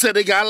Sénégal,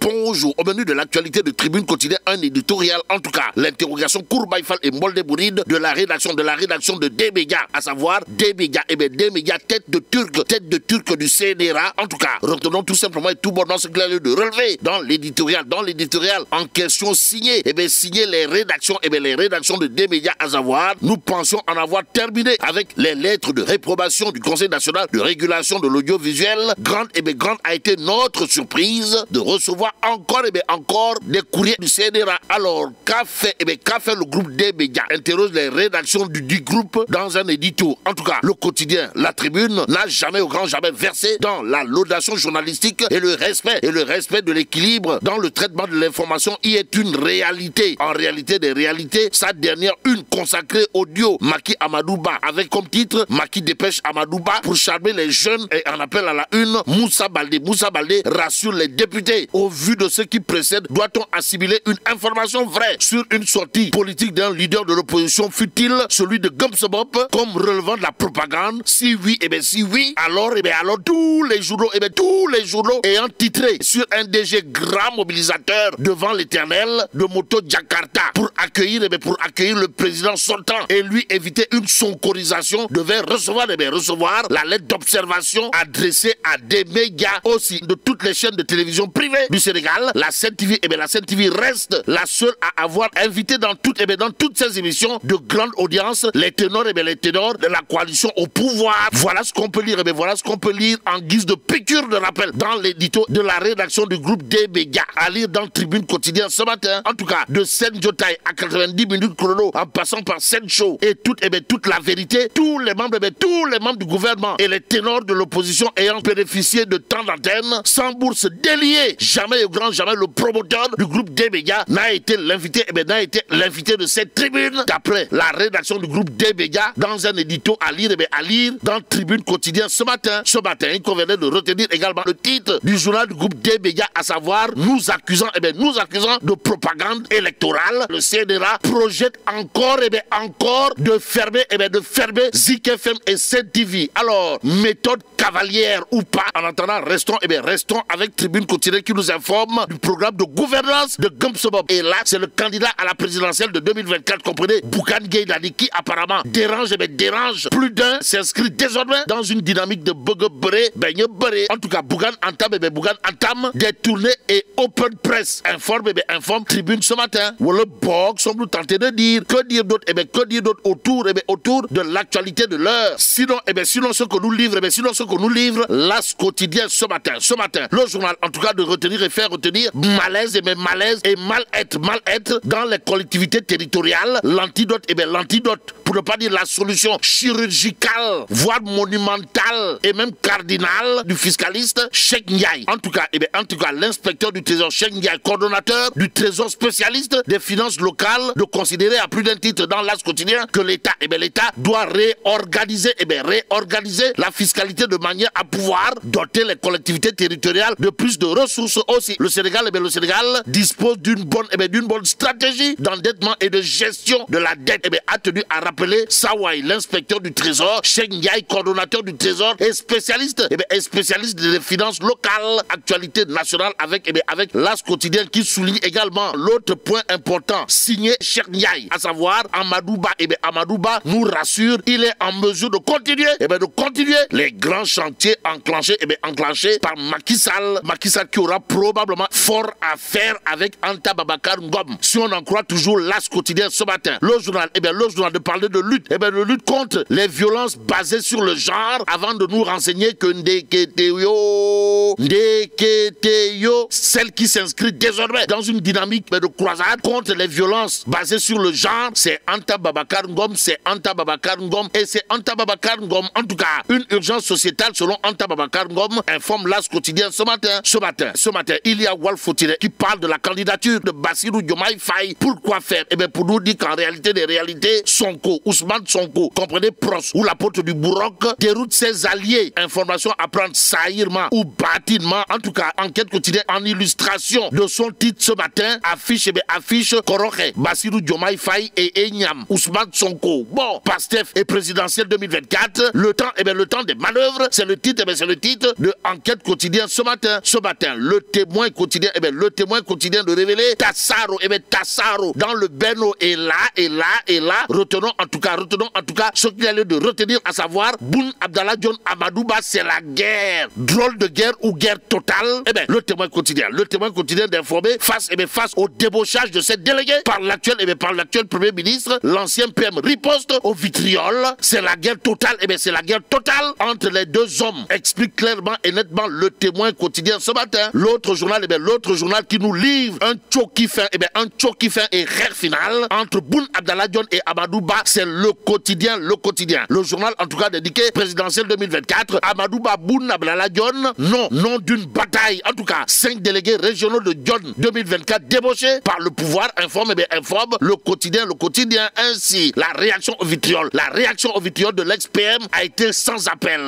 bonjour. Au menu de l'actualité de Tribune quotidienne, un éditorial en tout cas. L'interrogation Kourbaïfal et Moldebouride de la rédaction de la rédaction de Deméga, à savoir Débéga, et eh bien, Deméga, tête de Turc, tête de Turc du CNRA. En tout cas, retenons tout simplement et tout dans ce qu'il de relever dans l'éditorial, dans l'éditorial en question signé. et eh bien, signé les rédactions, et eh bien, les rédactions de médias à savoir, nous pensions en avoir terminé avec les lettres de réprobation du Conseil national de régulation de l'audiovisuel. Grande, et eh bien, grande a été notre surprise de recevoir encore et eh bien encore des courriers du CNRA. Alors, qu'a fait, et eh bien, qu'a fait le groupe des médias Interroge les rédactions du, du groupe dans un édito. En tout cas, le quotidien, la tribune, n'a jamais au grand jamais versé dans la laudation journalistique et le respect et le respect de l'équilibre dans le traitement de l'information y est une réalité. En réalité des réalités, sa dernière une consacrée audio Maki Amadouba avec comme titre Maki dépêche Amadouba pour charmer les jeunes et en appel à la une Moussa Baldé. Moussa Baldé rassure les députés, au vu de ce qui précède, doit-on assimiler une information vraie sur une sortie politique d'un leader de l'opposition futile, celui de Gumsebop comme relevant de la propagande Si oui, et eh bien si oui, alors, et eh bien alors tous les journaux, et eh bien tous les journaux ayant titré sur un DG grand mobilisateur devant l'éternel de Moto Jakarta pour accueillir, et bien pour accueillir le président sortant et lui éviter une soncorisation devait recevoir, et bien recevoir la lettre d'observation adressée à des médias aussi de toutes les chaînes de télévision télévision privée du Sénégal, la CNTV, et eh bien la TV reste la seule à avoir invité dans toutes, et eh bien dans toutes ses émissions de grande audience les ténors, et eh bien les ténors de la coalition au pouvoir. Voilà ce qu'on peut lire, et bien voilà ce qu'on peut lire en guise de piqûre de rappel dans l'édito de la rédaction du groupe des à lire dans Tribune quotidien ce matin. En tout cas, de Seine Jotai à 90 minutes chrono, en passant par scène Show et toute, et bien toute la vérité, tous les membres, et bien tous les membres du gouvernement et les ténors de l'opposition ayant bénéficié de temps d'antenne, sans bourse délié. Jamais le grand, jamais le promoteur du groupe des n'a été l'invité, et eh ben n'a été l'invité de cette tribune. D'après la rédaction du groupe des dans un édito à lire, et eh à lire dans Tribune quotidien ce matin. Ce matin, il convenait de retenir également le titre du journal du groupe des à savoir nous accusant, et eh bien nous accusant de propagande électorale. Le CNRA projette encore, et bien encore de fermer, et bien de fermer Zik FM et CTV. Alors, méthode cavalière ou pas. En attendant, restons, et eh bien, restons avec Tribune Quotidienne qui nous informe du programme de gouvernance de Gumpsobob. Et là, c'est le candidat à la présidentielle de 2024, comprenez, Gay Gaydani, qui apparemment dérange, et eh bien, dérange. Plus d'un s'inscrit désormais dans une dynamique de Bogobré, Benye En tout cas, Bougan entame, eh bien, entame des tournées et open press. Informe, eh informe Tribune ce matin. Ou le Borg semble tenter de dire. Que dire d'autre, et bien, que dire d'autre autour, et bien, autour de l'actualité de l'heure. Sinon, et bien, sinon ce que nous livre, eh bien, sinon ce que nous livre l'As quotidien ce matin. Ce matin, le journal, en tout cas, de retenir et faire retenir malaise et même malaise et mal-être, mal-être dans les collectivités territoriales. L'antidote, et eh bien l'antidote, pour ne pas dire la solution chirurgicale, voire monumentale et même cardinale du fiscaliste Cheikh Ndiaye. En tout cas, et eh bien en tout cas, l'inspecteur du Trésor Cheikh Ndiaye, coordonnateur du Trésor spécialiste des finances locales, de considérer à plus d'un titre dans l'As quotidien que l'État, et eh bien l'État doit réorganiser, et bien réorganiser la fiscalité de manière à pouvoir doter les collectivités territoriales de plus de ressources aussi. Le Sénégal, eh le Sénégal dispose d'une bonne, eh d'une bonne stratégie d'endettement et de gestion de la dette. Eh bien, a tenu à rappeler Sawai, l'inspecteur du Trésor, Cheng Ndiaye, coordonnateur du Trésor et spécialiste, eh spécialiste des finances locales, actualité nationale avec, eh avec l'As quotidien qui souligne également l'autre point important signé Cheikh Ndiaye, à savoir Amadouba. et bien, Amadouba nous rassure, il est en mesure de continuer, eh bien, de continuer les grands chantier enclenché, et eh bien enclenché par Macky Sall. Macky Sall qui aura probablement fort à faire avec Anta Babacar Ngom. Si on en croit toujours l'As quotidien ce matin, le journal, et eh bien le journal de parler de lutte, et eh bien de lutte contre les violences basées sur le genre avant de nous renseigner que Ndeketeyo, Ndeketeyo, celle qui s'inscrit désormais dans une dynamique de croisade contre les violences basées sur le genre, c'est Anta Babacar Ngom, c'est Anta Babacar Ngom et c'est Anta Babacar Ngom. En tout cas, une urgence sociétale selon Anta Babakar Ngom, informe l'As quotidien ce matin. Ce matin, ce matin, il y a Walfotile qui parle de la candidature de Bassirou Diomaye Faye. Pourquoi faire Eh bien, pour nous dire qu'en réalité des réalités, Sonko, Ousmane Sonko, comprenez Pros ou la porte du Bourroc, déroute ses alliés. Information à prendre saillirement ou bâtiment. En tout cas, enquête quotidienne en illustration de son titre ce matin affiche, eh bien, affiche Koroche, Bassirou Diomaye Faye et Enyam, Ousmane Sonko. Bon, PASTEF et présidentiel 2024, le temps, eh bien, le temps des manœuvres c'est le titre, eh c'est le titre de Enquête quotidien ce matin. Ce matin, le témoin quotidien, et eh bien, le témoin quotidien de révéler Tassaro, et eh Tassaro, dans le Beno est là, et là, et là. Retenons en tout cas, retenons en tout cas ce qu'il allait de retenir, à savoir Boun Abdallah John Amadouba, c'est la guerre. Drôle de guerre ou guerre totale. et bien, le témoin quotidien, le témoin quotidien d'informer face, et bien, face au débauchage de cette délégué, par l'actuel, et bien, par l'actuel Premier ministre, l'ancien PM riposte au vitriol. C'est la guerre totale, et bien, c'est la guerre totale entre les deux hommes, Expliquent clairement et nettement le témoin quotidien ce matin. L'autre journal, et eh bien l'autre journal qui nous livre un qui fin, et eh bien un qui et rare final entre Boun Abdallah Dion et Ba... C'est le quotidien, le quotidien. Le journal, en tout cas, dédié présidentiel 2024. Amadouba Boun Abdallah Dion, non, non d'une bataille. En tout cas, cinq délégués régionaux de Dion 2024 débauchés par le pouvoir informe, et eh bien informe le quotidien, le quotidien. Ainsi, la réaction au vitriol, la réaction au vitriol de l'ex-PM a été sans appel.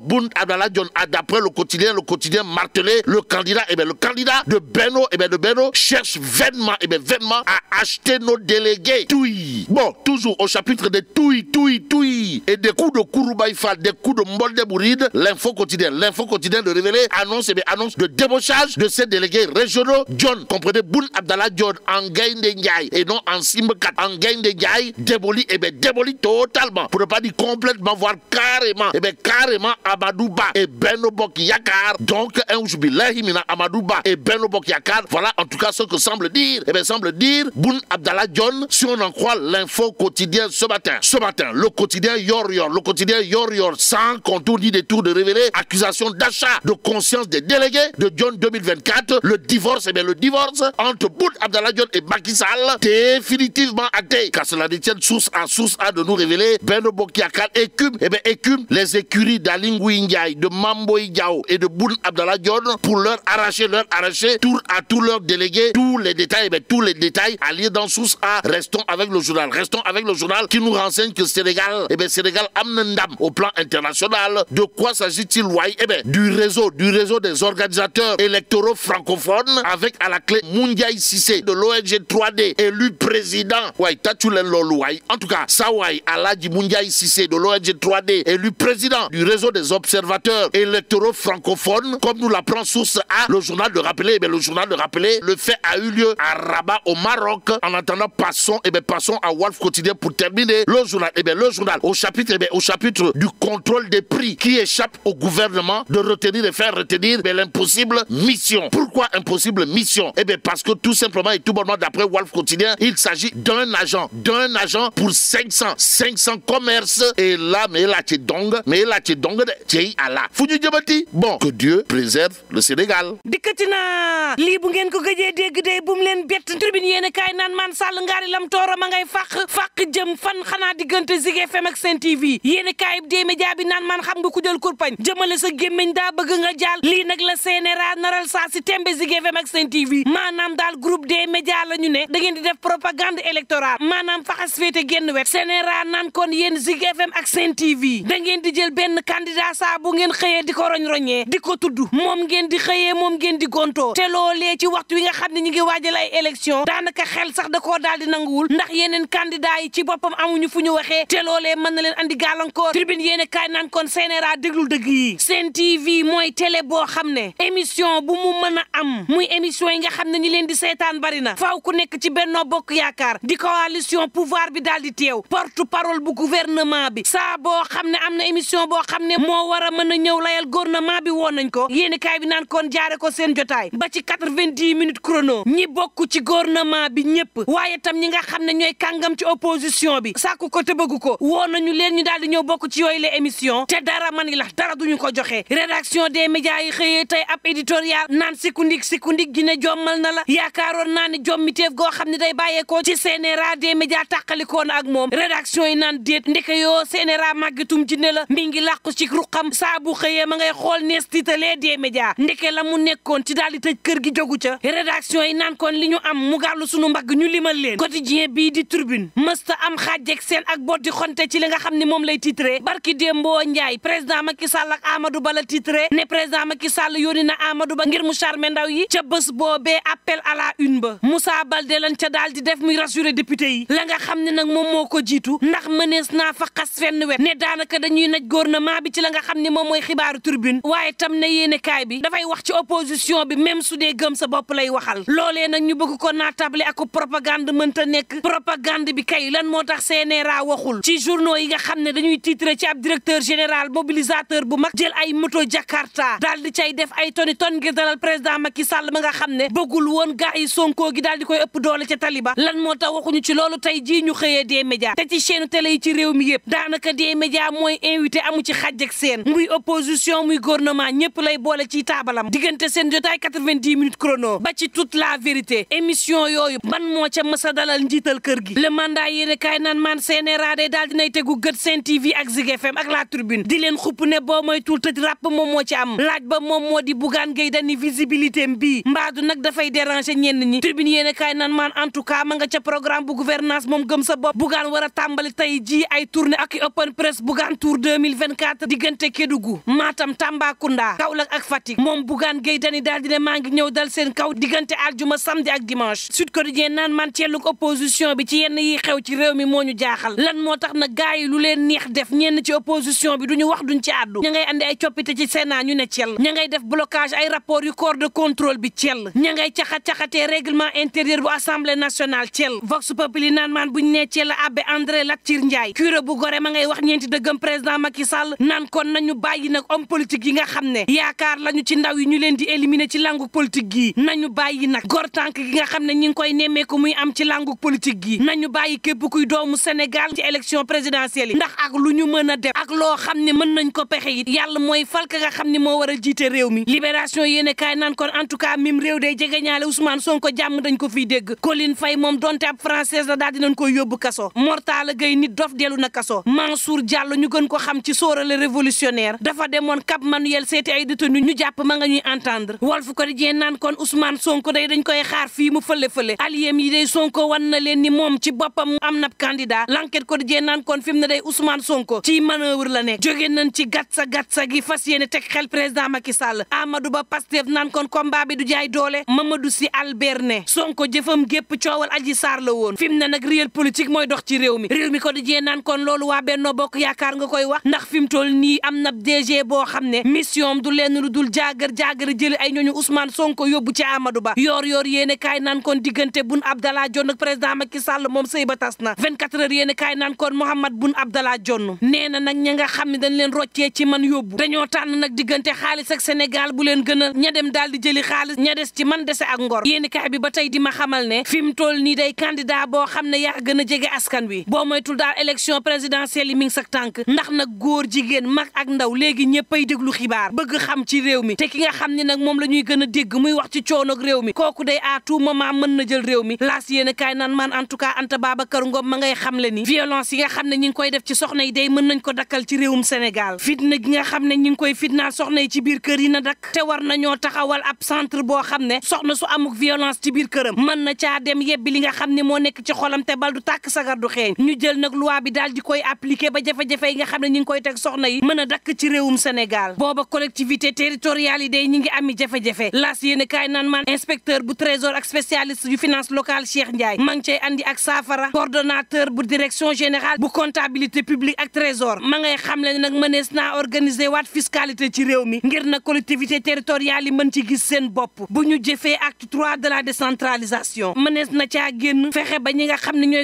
Boun Abdallah John a d'après le quotidien, le quotidien martelé, le candidat, et eh bien le candidat de Beno, et eh bien de Beno cherche vainement, et eh bien vainement à acheter nos délégués. Toui. Bon, toujours au chapitre de Toui, Toui, Toui. Et des coups de Kouroubaïfa, des coups de Mbolde Bouride, l'info quotidien, l'info quotidien de révéler annonce, et bien annonce de débauchage de ces délégués régionaux. John, comprenez, Boun Abdallah John en gain de et non en 4. en gain de déboli, et bien déboli totalement. Pour ne pas dire complètement, voire carrément, et bien carrément Amadouba et Benobok Yakar. Donc, Amadouba et Benobok Yakar. Voilà en tout cas ce que semble dire. et eh bien, semble dire Boun Abdallah John, si on en croit l'info quotidien ce matin. Ce matin, le quotidien Yor Yor, le quotidien Yor Yor, sans contour ni détour de révéler accusation d'achat de conscience des délégués de John 2024. Le divorce, et eh bien, le divorce entre Boun Abdallah John et Macky définitivement acté. Car cela détient source en source à de nous révéler Benobok Yakar écume, eh bien, écume les écuries d'Ali de Mambo Igao et de Boune Abdallah Dior pour leur arracher, leur arracher, tour à tous leurs délégués tous les détails, mais ben, tous les détails alliés dans Source A. Restons avec le journal, restons avec le journal qui nous renseigne que Sénégal, eh bien Sénégal amnendam au plan international. De quoi s'agit-il, Wai Eh bien, du réseau, du réseau des organisateurs électoraux francophones avec à la clé Mundiaï Sissé de l'ONG 3D, élu président. Wai, Tatulen Lolo, En tout cas, Sawai Aladji Mundiaï Sissé de l'ONG 3D, élu président du réseau des observateurs électoraux francophones, comme nous l'apprend source A, le journal de rappeler, eh le journal de rappeler, le fait a eu lieu à Rabat au Maroc. En attendant, passons, et eh bien passons à Wolf quotidien pour terminer le journal. Et eh bien, le journal au chapitre, bien, au chapitre du contrôle des prix qui échappe au gouvernement de retenir et faire retenir l'impossible mission. Pourquoi impossible mission et bien, parce que tout simplement et tout bonnement, d'après Wolf quotidien, il s'agit d'un agent, d'un agent pour 500, 500 commerces. Et là, mais là, tu donc, mais là, tu donc nga de cey àlla fu ñu jëmati bon que Dieu préserve le Sénégal dikkati naa lii bu ngeen ko gëjee dégg day bu mu leen bett tribune yéen kaay naan maan sàll ngaari lam toora ma ngay fàq fàq jëm fan xanaa diggante Zik FM ak Sen TV yéen kaay dee média bi naan maan xam nga ku jël kurpañ jëmale sa gémmiñ daa bëgg nga jaal lii nag la CNRA naral saa si tembe Zik FM ak Sen TV maanaam daal groupe des médias la ñu ne da ngeen di def propagande électorale maanaam faxas féete génn wet CNRA naan kon yéen Zik FM ak Sen TV candidat saa bu ngeen xëyee di ko roñ-roñee di ko tudd moom ngeen di xëyee moom ngeen di gontoo te loolee ci waxtu wi nga xam ne ñu ngi waajal ay élection daanaka xel sax da koo daal di nanguwul ndax yeneen candidat yi ci boppam amuñu fu ñu waxee te lee mën na leen andi gàllankoor tribune yéene kaay naan kon CNRA déglul dëgg yi seen TV mooy tele boo xam ne émission bu mu mën a am muy émission yi nga xam ne ñi leen di seetaan bari na faaw ku nekk ci Benno Bokk Yaakaar di coalition pouvoir bi daal di teew porte parole bu gouvernement bi saa boo am na émission ne moo war a mën a ñëw layal gouvernement bi woon nañ ko yéen kaay bi naan kon jaare ko seen jotaay ba ci quatre-vingt-dix minutes chrono ñi bokk ci gouvernement bi ñëpp waaye tam ñi nga xam ne ñooy kàngam ci opposition bi sàkku ko te bëgg ko woon nañu leen ñu daal di ñëw bokk ci yooyu la émission te dara man la dara duñu ko joxe rédaction des médias yi xëyee tey ab éditorial naan sikundik sikundik gi ne jommal na la yaakaaroon naa ne jommiteef goo xam ne day bàyyeekoo ci CNRA des médias tàqalikoon ak moom rédaction yi naan déet ndeke yoo CNRA màggatum jinne la mi ngi ci ci ruqam saa bu xëyee ma ngay xool nees tiitalee des médias ndeke la mu nekkoon ci daal tëj kër gi jogu ca rédaction yi naan kon li ñu am mu gàllu sunu mbagg ñu limal leen quotidien bii di tribune mësta am xaajeg seen ak boot xonte ci li nga xam ne moom lay titré barki démboo Ndiaye président Macky Sall ak Amadou Ba la titré ne président Macky Sall yónni na Amadou Ba ngir mu charmer ndaw yi ca bés boobee appel à la une ba Moussa Baldé lañ ca daal ci la nga xam ne moom mooy xibaaru turbine waaye tam ne yéene kaay bi dafay wax ci opposition bi même su dee gëm sa bopp lay waxal loolee nag ñu bëgg ko naatable ak propagande mënta nekk propagande bi kay lan moo tax CNRA waxul ci journaux yi nga xam ne dañuy titre ci ab directeur général mobilisateur bu mag jël ay moto Jakarta daal di cay def ay toni ton ngir dalal président Macky sàll ma nga xam ne bëggul woon gaa yi Sonko gi daal di koy ëpp doole ca Taliba lan moo tax waxuñu ci loolu tey jii ñu xëyee des médias ci chaîne télé yi ci réew mi yëpp daanaka des médias mooy invité amu ci xaj ak seen muy opposition muy gouvernement ñëpp lay boole ci taabalam diggante seen jotaay 90 minutes chrono ba ci toute la vérité émission yooyu ban moo ca mës a dalal njiital kër gi le mandat yéene kaay naan man CNRA day daal dinay tegu Sen TV ak Zik FM ak la tribune di leen xupp ne boo mooy tul tëj ràpp moom moo ci am laaj ba moom moo di mbaadu nag dafay déranger ñenn ñi tribune yéene kaay naan man en tout cas a tàmbali tey ji ay tournée ak open press diggante Kédougou Matam Tambacounda Kaolack ak Fatick moom Bougane Gueye Dany daal di maa ngi ñëw dal seen kaw diggante aljuma samedi ak dimanche Sud Quotidien naan man ceelluk opposition bi ci yenn yi xew ci réew mi moo ñu jaaxal lan moo tax na gaay leen neex def ñenn ci opposition bi ñu wax duñ ci àddu ña ngay andi ay coppite ci Sénat ñu ne cell ña ngay def blocage ay rapport yu corps de contrôle bi cell ña ngay caxat-caxatee règlement intérieur bu assemblée nationale cell vox populi naan maan buñ ne cell naan kon nañu bàyyi nag homme politique yi nga xam ne yaakaar lañu ci ndaw yi ñu leen di éliminer ci langu politique gi nañu bàyyi nag gor tànk gi nga xam ne ñu ngi koy nemmeeku muy am ci langu politique gi nañu bàyyi képp kuy doomu Sénégal ci élection présidentielle yi ndax ak lu ñu mën a def ak loo xam ne mën nañ ko pexe it yàlla mooy fal ga xam ni moo war a jiite réew mi libération yéene kaay naan ko en tout cas mim réew day jege ñaale Ousmane Sonko jàmm dañ ko fiy dégg Colline Faye moom donte ab française la daal dinañ koy yóbbu kaso Mortala Gueye nit dof dellu na kaso Mansour Diallo gën ko xam ci sóorale révolutionnaire dafa demoon Cap Manuel seeti ay détenu ñu jàpp ma nga ñuy entendre Walf Quotidien naan kon Ousmane Sonko day dañ koy xaar fii mu fële-fële alliéem yi day Sonko wan na leen ni moom ci boppam am nab candidat L'Enquête Quotidien naan kon fi ne day Ousmane Sonko ci manœuvre la nekk jóge nañ ci gatsa gatsa gi fas yéene teg xel président Macky Sall Amadou Ba Pastef naan kon combat bi du jaay doole Mamadou Sy Albert ne Sonko jëfam gépp coowal Adji Sarr la fi mu ne nag réel politique mooy dox ci réew nii am na DG boo xam ne mission du lenn lu dul jaagar jaagar jëli ay ñooñu Ousmane Sonko yóbbu ci Amadou Ba yoor yoor yéene kaay naan kon diggante Boun Abdallah Dionne ak président Macky Sall moom sëy ba tas na 24 heures yéene kaay naan kon Mouhamed Boun Abdallah Dionne nee na nag ña nga xam ne dañ leen roccee ci man yóbbu dañoo tànn nag diggante xaalis ak Sénégal bu leen gënal ña dem daal di jëli xaalis ña des ci man dese ak ngor yéene kaay bi ba tey di ma xamal ne fi mu toll nii day candidat boo xam ne yaa gën a jege askan wi boo moytul daal élection présidentielle yi mi ngi tànk ndax nag góor jigéen jigéen mag ak ndaw léegi ñëppay déglu xibaar bëgg xam ci réew mi te ki nga xam ne nag moom la ñuy gën a dégg muy wax ci coono ak réew mi kooku day à tout moment mën na jël réew mi laas yéen kaay naan man en tout cas Anta Babacar Ngom ma ngay xam le ni violence yi nga xam ne ñi ngi koy ci soxna yi mën nañ ko dakkal ci réewum Sénégal fitna gi nga xam ne ñi ngi koy fitnaal soxna yi ci biir kër yi na dakk te war nañoo taxawal ab centre boo xam ne soxna su amuk violence ci biir këram mën na caa dem yebbi li nga xam ne moo nekk ci xolam te bal du tàkk sagar du xeeñ jël nag loi bi daal di koy appliquer ba jafe nga xam ne ñi ngi koy teg soxna yi ci réewum Sénégal booba collectivité territoriale yi day ñi ngi ami jafe-jafe laas yéen kaay naan inspecteur bu trésor ak spécialiste du finance locale Cheikh Ndiaye ma andi ak coordonnateur bu direction générale bu comptabilité publique ak trésor ma ngay xam le nag mënees organiser fiscalité ci réew mi ngir collectivité territoriale yi mën ci gis seen bu ñu acte 3 de la décentralisation mënees na caa génn fexe ba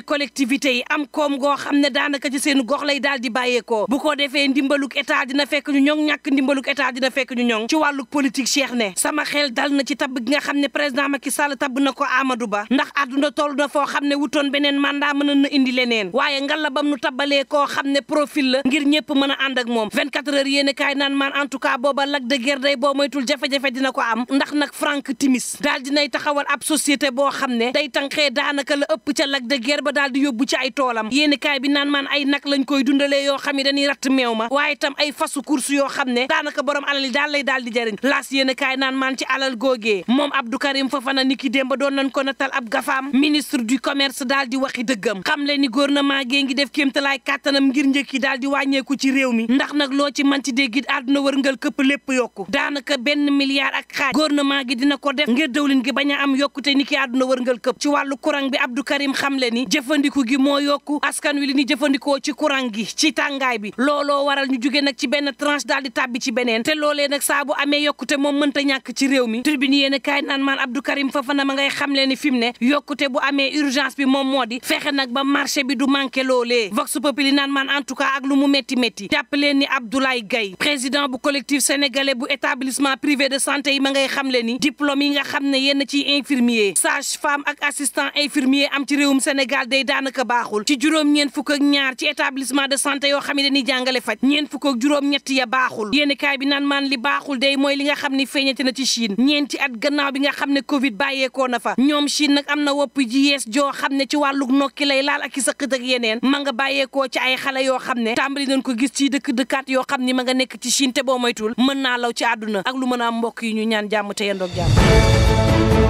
collectivité yi am koom goo xam ne ci seen gox lay di bu ko ndimbalug état dina fekk ñu ñoŋ ñàkk ndimbalug état dina fekk ñu ñoŋ ci wàllu politique Cheikh ne sama xel dal na ci tabb gi nga xam ne président Macky Sall tabb na ko Amadou Ba ndax àdduna toll na foo xam ne wutoon beneen mandat mën na indi leneen waaye ngalla bam nu tabbalee koo xam ne profil la ngir ñëpp mën a ànd ak moom 24 heures yéen kaay naan maan en tout cas booba lak de guerre day boo moytul jafe-jafe dina ko am ndax nag Frank Timis daal dinay taxawal ab société boo xam ne day tànqee daanaka la ëpp ca lak de guerre ba daal di yóbbu ci ay toolam yéen bi naan maan ay nag lañ koy dundalee yoo xam ne dañuy ratt meew ma waaye tam ay fasu course yoo xam ne daanaka borom alal daal lay daal di jëriñ laas yéen a kaay naan maan ci alal googee moom Abdou Karim Fofana ni ki démb doon nañ ko natal ab gafaam ministre du commerce daal di waxi dëggam xam le ni gouvernement gee ngi def kéemtalaay kàttanam ngir njëkk daal di wàññeeku ci rew mi ndax nag loo ci man ci déggit àdduna wërngal këpp lépp yokku daanaka benn milliard ak xaaj gouvernement gi dina ko def ngir dëwlin gi bañ a am yokkute ni ki àdduna wërngal këpp ci wàllu courant bi Abdou Karim xam le ni jëfandiku gi moo yokku askan wi li ni jëfandikoo ci courant gi ci tàngaay bi ñu jugee nag ci benn tranche daal di tàbbi ci beneen te loolee nag saa amee yokkute moom mënta ñàkk ci réew mi tribune yéen a kaay naan maan Abdou Karim Fofana ma ngay xamle ni fi mu ne yokkute bu amee urgence bi moom moo di fexe nag ba marché bi du manqué loolee vox populi naan maan en tout cas ak lu mu métti métti jàpp leen ni Abdoulaye Gaye président bu collectif sénégalais bu établissement privé de santé yi ma ngay xamle ni diplôme yi nga xam ne yenn ci infirmier sage femme ak assistant infirmier am ci réewum Sénégal day daanaka baaxul ci juróom ñeent fukk ñaar ci établissement de santé yoo xam ne dañuy jàngale faj ñeent juróom-ñett ya baaxul yéenekaay bi naan maan li baaxul day mooy li nga xam ni feeñate na ci Chine ñeenti at gannaaw bi nga xam ne Covid bàyyeekoo na fa ñoom Chine nag am na wopp ji yees joo xam ne ci wàllug nokki lay laal ak i sëqët ak yeneen ma nga bàyyeekoo ci ay xale yoo xam ne tàmbali nañ ko gis ci dëkk dëkkaat yoo xam ni ma nga nekk ci Chine te boo moytul mën naa law ci àdduna ak lu mën a mbokk yi ñu ñaan jàmm te yendoog jàmm